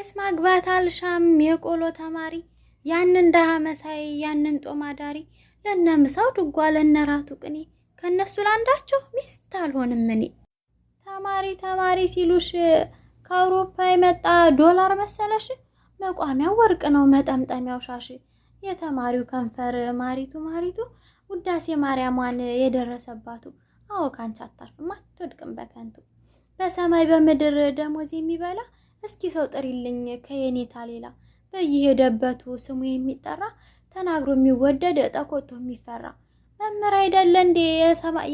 ቄስ ማግባት አልሻም የቆሎ ተማሪ ያንን ደሃ መሳይ ያንን ጦም አዳሪ ለነ ምሳው ድጓ ለነ ራቱ ቅኔ ከእነሱ ላንዳቸው ሚስት አልሆንም እኔ። ተማሪ ተማሪ ሲሉሽ ከአውሮፓ የመጣ ዶላር መሰለሽ? መቋሚያው ወርቅ ነው መጠምጠሚያው ሻሽ። የተማሪው ከንፈር ማሪቱ ማሪቱ ውዳሴ ማርያሟን የደረሰባቱ። አዎ ካንቺ አታርፍም አትወድቅም በከንቱ በሰማይ በምድር ደሞዝ የሚበላ እስኪ ሰው ጥሪልኝ ከየኔታ ሌላ በየሄደበቱ ስሙ የሚጠራ ተናግሮ የሚወደድ ጠቆቶ የሚፈራ መምህር አይደለ እንዴ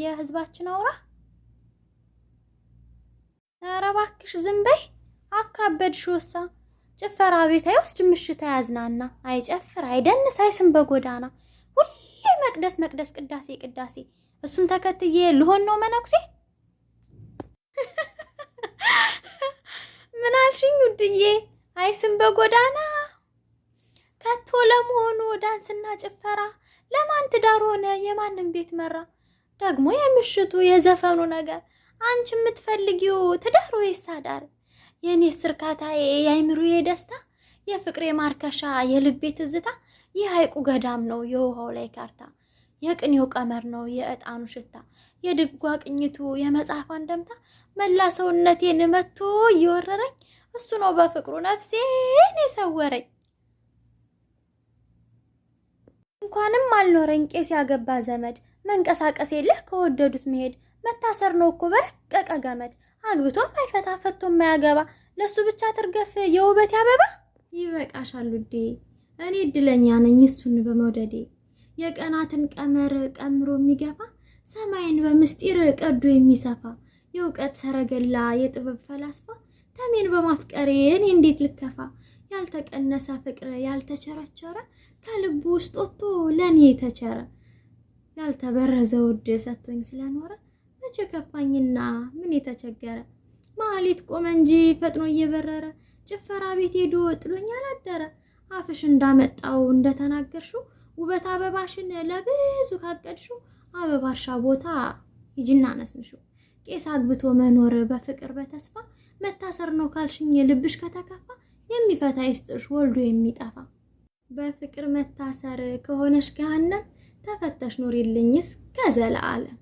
የህዝባችን አውራ። ኧረ እባክሽ ዝም በይ አካበድ ሾሳ ጭፈራ ቤት አይወስድ ምሽት አያዝናና አይጨፍር አይደንስ አይስም በጎዳና ሁሌ መቅደስ መቅደስ ቅዳሴ ቅዳሴ እሱን ተከትዬ ልሆን ነው መነኩሴ። አልሽኝ ውድዬ? አይስም በጎዳና ከቶ ለመሆኑ ዳንስና ጭፈራ ለማን ትዳር ሆነ የማንም ቤት መራ? ደግሞ የምሽቱ የዘፈኑ ነገር አንቺ የምትፈልጊው ትዳር ወይስ አዳር? የእኔ ስርካታ፣ የአይምሮዬ ደስታ፣ የፍቅሬ ማርከሻ፣ የልቤ ትዝታ የሐይቁ ገዳም ነው የውሃው ላይ ካርታ፣ የቅኔው ቀመር ነው የዕጣኑ ሽታ፣ የድጓ ቅኝቱ የመጽሐፏን ደምታ መላ ሰውነቴን መቶ እየወረረኝ እሱ ነው በፍቅሩ ነፍሴን የሰወረኝ። እንኳንም አልኖረኝ ቄስ ያገባ ዘመድ። መንቀሳቀስ የለህ ከወደዱት መሄድ። መታሰር ነው እኮ በረቀቀ ገመድ። አግብቶም አይፈታ ፈቶም ማያገባ ለሱ ብቻ ትርገፍ የውበት ያበባ። ይበቃሻል ውዴ፣ እኔ እድለኛ ነኝ እሱን በመውደዴ። የቀናትን ቀመር ቀምሮ የሚገፋ ሰማይን በምስጢር ቀዶ የሚሰፋ የእውቀት ሰረገላ የጥበብ ፈላስፋ ተሜን በማፍቀሬ እኔ እንዴት ልከፋ? ያልተቀነሰ ፍቅር ያልተቸረቸረ ከልቡ ውስጥ ወጥቶ ለእኔ ተቸረ ያልተበረዘ ውድ ሰጥቶኝ ስለኖረ መቼ ከፋኝና ምን የተቸገረ መሀሊት ቆመ እንጂ ፈጥኖ እየበረረ ጭፈራ ቤት ሄዶ ጥሎኝ አላደረ። አፍሽ እንዳመጣው እንደተናገርሽው ውበት አበባሽን ለብዙ ካቀድሽው አበባርሻ ቦታ ሂጂና ነስንሽው። ቄስ አግብቶ መኖር በፍቅር በተስፋ መታሰር ነው ካልሽኝ ልብሽ ከተከፋ የሚፈታ ይስጥሽ ወልዶ የሚጠፋ በፍቅር መታሰር ከሆነሽ ገሃነም ተፈተሽ ኑሪልኝስ ከዘለዓለም